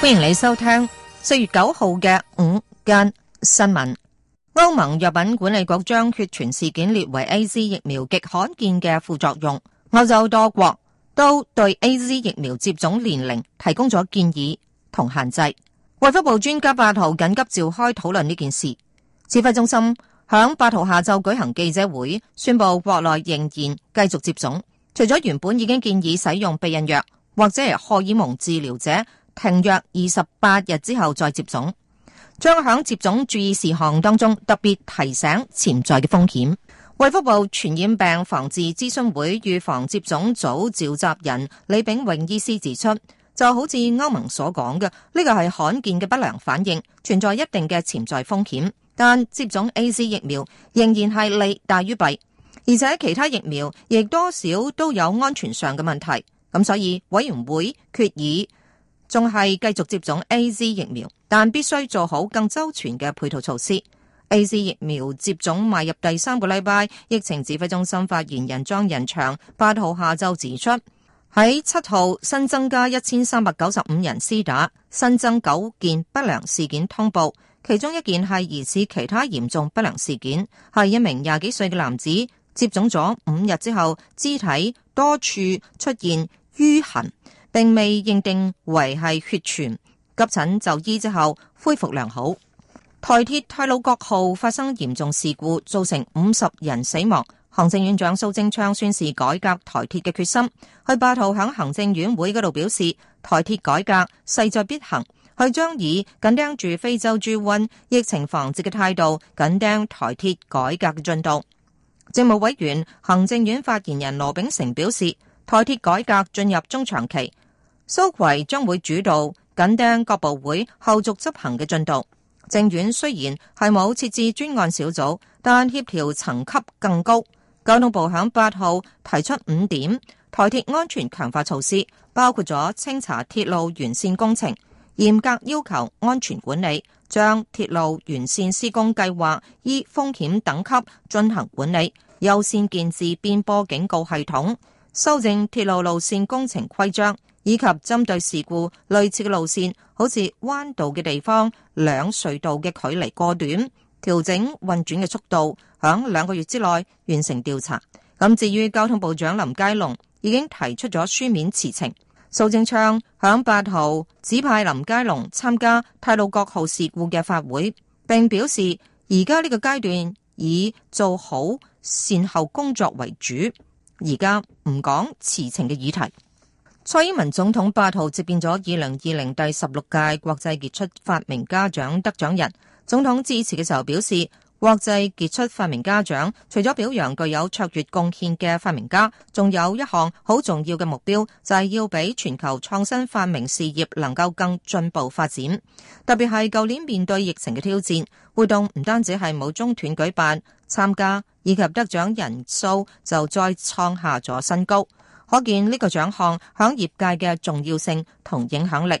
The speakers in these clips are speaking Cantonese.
歡迎你收聽四月九號嘅午間新聞。歐盟藥品管理局將血栓事件列為 A Z 疫苗極罕見嘅副作用。歐洲多國都對 A Z 疫苗接種年齡提供咗建議同限制。衛福部專家八號緊急召開討論呢件事。指揮中心響八號下晝舉行記者會，宣布國內仍然繼續接種，除咗原本已經建議使用避孕藥或者係荷爾蒙治療者。停約二十八日之後再接種，將響接種注意事項當中特別提醒潛在嘅風險。衛福部傳染病防治諮詢會預防接種組召集人李炳榮醫師指出，就好似歐盟所講嘅，呢個係罕見嘅不良反應，存在一定嘅潛在風險。但接種 AZ 疫苗仍然係利大於弊，而且其他疫苗亦多少都有安全上嘅問題。咁所以委員會決議。仲係繼續接種 AZ 疫苗，但必須做好更周全嘅配套措施。AZ 疫苗接種邁入第三個禮拜，疫情指揮中心發言人莊人祥八號下晝指出，喺七號新增加一千三百九十五人施打，新增九件不良事件通報，其中一件係疑似其他嚴重不良事件，係一名廿幾歲嘅男子接種咗五日之後，肢體多處出現瘀痕。並未認定為係血栓，急診就醫之後恢復良好。台鐵太魯閣號發生嚴重事故，造成五十人死亡。行政院長蘇貞昌宣示改革台鐵嘅決心，去八號響行政院會嗰度表示，台鐵改革勢在必行。佢將以緊盯住非洲豬瘟疫情防治嘅態度，緊盯台鐵改革嘅進度。政務委員、行政院發言人羅秉成表示，台鐵改革進入中長期，蘇揆將會主導緊盯各部會後續執行嘅進度。政院雖然係冇設置專案小組，但協調層級更高。交通部響八號提出五點台鐵安全強化措施，包括咗清查鐵路沿線工程，嚴格要求安全管理，將鐵路沿線施工計劃依風險等級進行管理，優先建置邊坡警告系統。修正鐵路路線工程規章，以及針對事故類似嘅路線，好似彎道嘅地方、兩隧道嘅距離過短，調整運轉嘅速度，響兩個月之內完成調查。咁至於交通部長林佳龍已經提出咗書面辭呈，蘇貞昌響八號指派林佳龍參加太魯閣號事故嘅法會，並表示而家呢個階段以做好善後工作為主。而家唔講辭情嘅議題。蔡英文總統八號接見咗二零二零第十六屆國際傑出發明家獎得獎人。總統致辭嘅時候表示，國際傑出發明家獎除咗表揚具有卓越貢獻嘅發明家，仲有一項好重要嘅目標，就係、是、要比全球創新發明事業能夠更進步發展。特別係舊年面對疫情嘅挑戰，活動唔單止係冇中斷舉辦。參加以及得獎人數就再創下咗新高，可見呢個獎項響業界嘅重要性同影響力。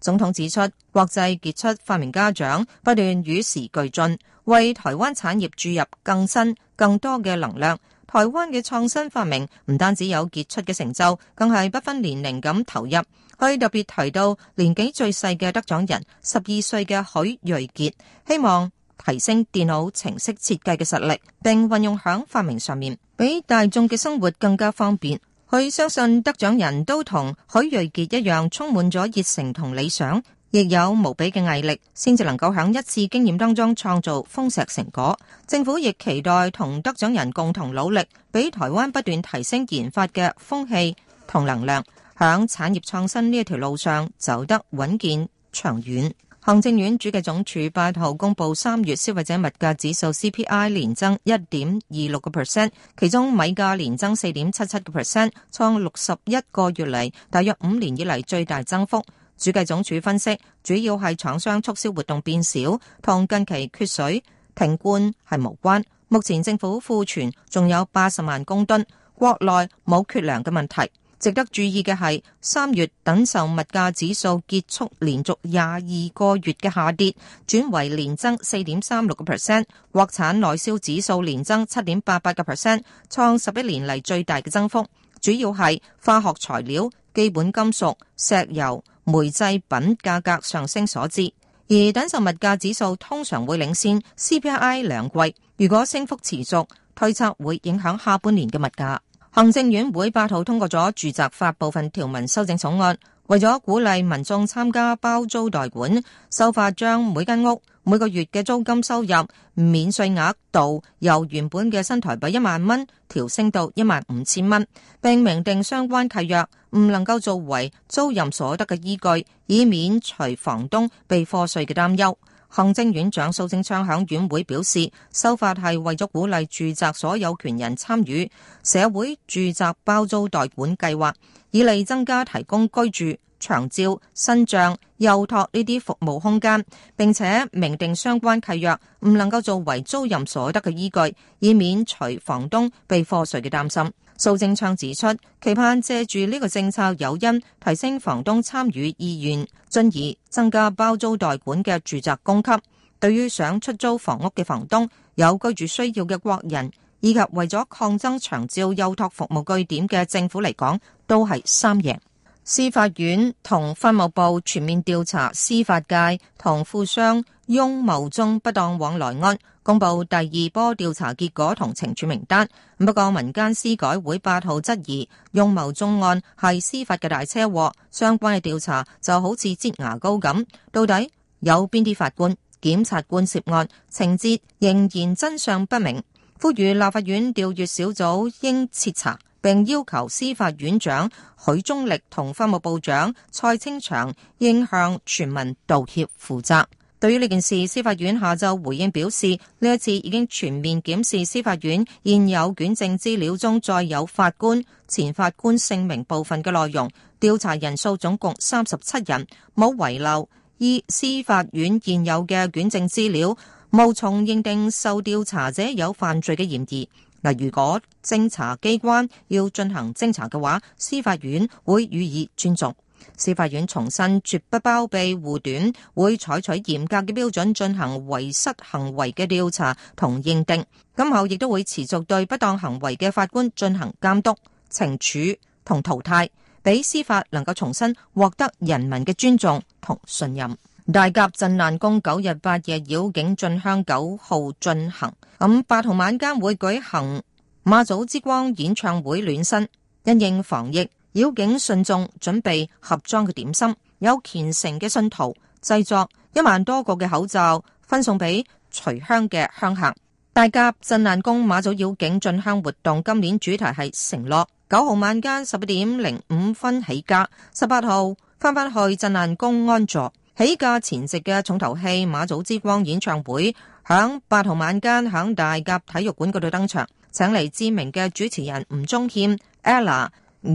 總統指出，國際傑出發明家獎不斷與時俱進，為台灣產業注入更新更多嘅能量。台灣嘅創新發明唔單止有傑出嘅成就，更係不分年齡咁投入。佢特別提到年紀最細嘅得獎人十二歲嘅許銳杰，希望。提升電腦程式設計嘅實力，並運用響發明上面，俾大眾嘅生活更加方便。佢相信得獎人都同許瑞杰一樣，充滿咗熱誠同理想，亦有無比嘅毅力，先至能夠響一次經驗當中創造豐碩成果。政府亦期待同得獎人共同努力，俾台灣不斷提升研發嘅風氣同能量，響產業創新呢一條路上走得穩健長遠。行政院主計總處八號公布三月消費者物價指數 CPI 年增一點二六個 percent，其中米價年增四點七七個 percent，創六十一個月嚟，大約五年以嚟最大增幅。主計總處分析，主要係廠商促銷活動變少，同近期缺水停灌係無關。目前政府庫存仲有八十萬公噸，國內冇缺糧嘅問題。值得注意嘅係，三月等售物價指數結束連續廿二個月嘅下跌，轉為連增四點三六個 percent，國產內銷指數連增七點八八個 percent，創十一年嚟最大嘅增幅，主要係化學材料、基本金屬、石油、煤製品價格上升所致。而等售物價指數通常會領先 CPI 兩季，如果升幅持續，推測會影響下半年嘅物價。行政院會八號通過咗《住宅法》部分條文修正草案，為咗鼓勵民眾參加包租代管，修法將每間屋每個月嘅租金收入免稅額度由原本嘅新台幣一萬蚊調升到一萬五千蚊，並明定相關契約唔能夠作為租賃所得嘅依據，以免除房東被課稅嘅擔憂。行政院長蘇貞昌響院會表示，修法係為咗鼓勵住宅所有權人參與社會住宅包租代管計劃，以嚟增加提供居住、長照、身障、幼托呢啲服務空間，並且明定相關契約唔能夠作為租賃所得嘅依據，以免除房東被課稅嘅擔心。蘇貞昌指出，期盼借住呢個政策誘因，提升房東參與意願，進而增加包租代管嘅住宅供給。對於想出租房屋嘅房東、有居住需要嘅國人，以及為咗抗爭長照幼托服務據點嘅政府嚟講，都係三贏。司法院同法務部全面調查司法界同富商。翁茂鍾不當往來案公布第二波調查結果同懲處名單。不過，民間司改會八號質疑翁茂鍾案係司法嘅大車禍，相關嘅調查就好似擠牙膏咁。到底有邊啲法官、檢察官涉案，情節，仍然真相不明，呼籲立法院調閱小組應徹查，並要求司法院長許宗力同法務部長蔡清祥應向全民道歉負責。對於呢件事，司法院下晝回應表示，呢一次已經全面檢視司法院現有卷證資料中載有法官、前法官姓名部分嘅內容，調查人數總共三十七人，冇遺漏。依司法院現有嘅卷證資料，無從認定受調查者有犯罪嘅嫌疑。嗱，如果偵查機關要進行偵查嘅話，司法院會予以尊重。司法院重申絕不包庇護短，會採取嚴格嘅標準進行遺失行為嘅調查同認定。今後亦都會持續對不當行為嘅法官進行監督、懲處同淘汰，俾司法能夠重新獲得人民嘅尊重同信任。大甲鎮瀾宮九日八夜繞境進香九號進行，咁、嗯、八號晚間會舉行媽祖之光演唱會暖身。因應防疫。遶境信眾準備盒裝嘅點心，有虔誠嘅信徒製作一萬多個嘅口罩，分送俾隨香嘅香客。大甲鎮瀾宮馬祖遶境進香活動今年主題係承諾。九號晚間十一點零五分起駕，十八號翻返去鎮瀾宮安座。起駕前夕嘅重頭戲馬祖之光演唱會，響八號晚間響大甲體育館嗰度登場，請嚟知名嘅主持人吳宗憲 Ella。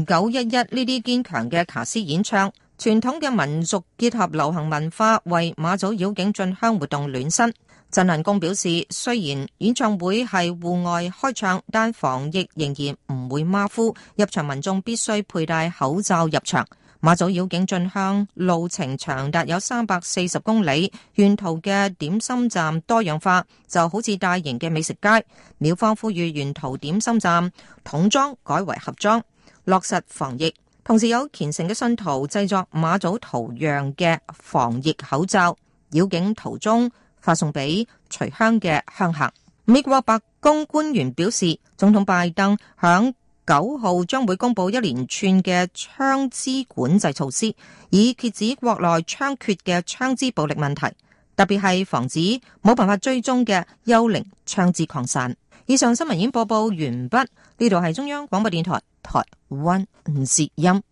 九一一呢啲堅強嘅卡斯演唱傳統嘅民族結合流行文化，為媽祖遶境進香活動暖身。鎮瀾宮表示，雖然演唱會係戶外開唱，但防疫仍然唔會馬虎。入場民眾必須佩戴口罩入場。媽祖遶境進香路程長達有三百四十公里，沿途嘅點心站多樣化，就好似大型嘅美食街。廟方呼籲沿途點心站桶裝改為盒裝。落實防疫，同時有虔誠嘅信徒製作馬祖圖樣嘅防疫口罩，繞境途中發送俾隨鄉嘅鄉民。美國白宮官員表示，總統拜登響九號將會公布一連串嘅槍支管制措施，以遏止國內猖獗嘅槍支暴力問題，特別係防止冇辦法追蹤嘅幽靈槍支擴散。以上新聞已經播報完畢，呢度係中央廣播電台，台灣之音。